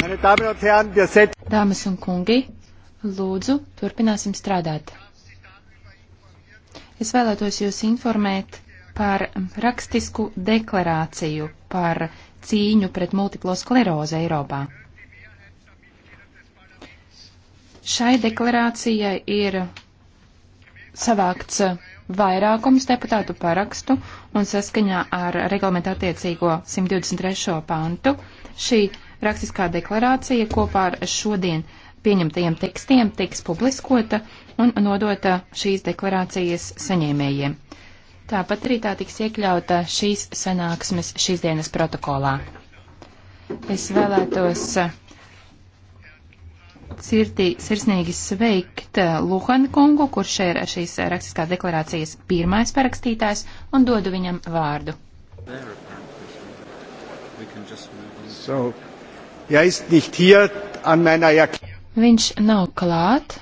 Dāmas un kungi, lūdzu, turpināsim strādāt. Es vēlētos jūs informēt par rakstisku deklarāciju par cīņu pret multiplo sklerozi Eiropā. Šai deklarācijai ir savākts vairākums deputātu parakstu un saskaņā ar reglamentu attiecīgo 123. pantu šī Rakstiskā deklarācija kopā ar šodien pieņemtajiem tekstiem tiks publiskota un nodota šīs deklarācijas saņēmējiem. Tāpat arī tā tiks iekļauta šīs sanāksmes šīs dienas protokolā. Es vēlētos sirdī, sirsnīgi sveikt eh, Luhan kungu, kurš ir šīs rakstiskās deklarācijas pirmais parakstītājs, un dodu viņam vārdu. So, Er viņš nav klāt,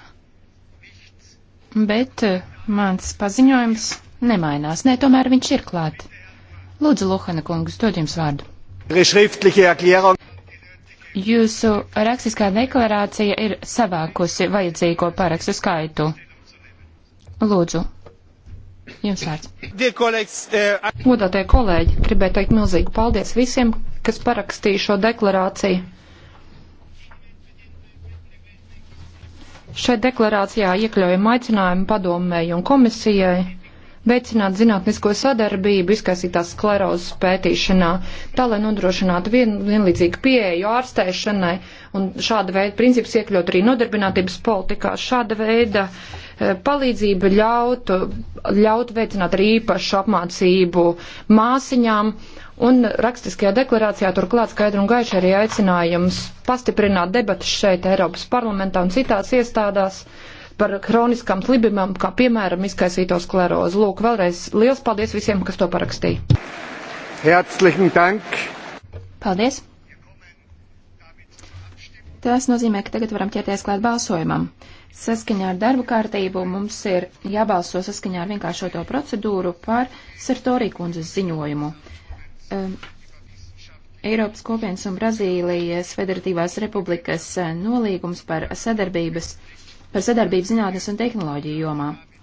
bet eh, mans paziņojums nemainās. Nē, tomēr viņš ir klāt. Lūdzu, Luhana kungs, dod jums vārdu. Jūsu rakstiskā deklarācija ir savākusi vajadzīgo parakstu skaitu. Lūdzu, jums vārds. Eh, Godātie kolēģi, gribēju teikt milzīgu paldies visiem, kas parakstīja šo deklarāciju. Šai deklarācijā iekļaujam aicinājumu padomēji un komisijai veicināt zinātnisko sadarbību izkaisītās sklerozes pētīšanā, tā lai nodrošinātu vien, vienlīdzīgu pieeju ārstēšanai un šāda veida princips iekļaut arī nodarbinātības politikā. Šāda veida eh, palīdzība ļautu, ļautu veicināt arī īpašu apmācību māsiņām Un rakstiskajā deklarācijā turklāt skaidru un gaišu arī aicinājums pastiprināt debatas šeit Eiropas parlamentā un citās iestādās par kroniskām slibimam, kā piemēram izkaisīto sklerozi. Lūk, vēlreiz liels paldies visiem, kas to parakstīja. Herzlichen Dank! Paldies! Tas nozīmē, ka tagad varam ķerties klāt balsojumam. Saskaņā ar darbu kārtību mums ir jābalso saskaņā ar vienkāršoto procedūru par Sartorī kundzes ziņojumu. Um, Eiropas kopienas un Brazīlijas Federatīvās republikas nolīgums par sadarbības par sadarbību zinātnes un tehnoloģiju jomā.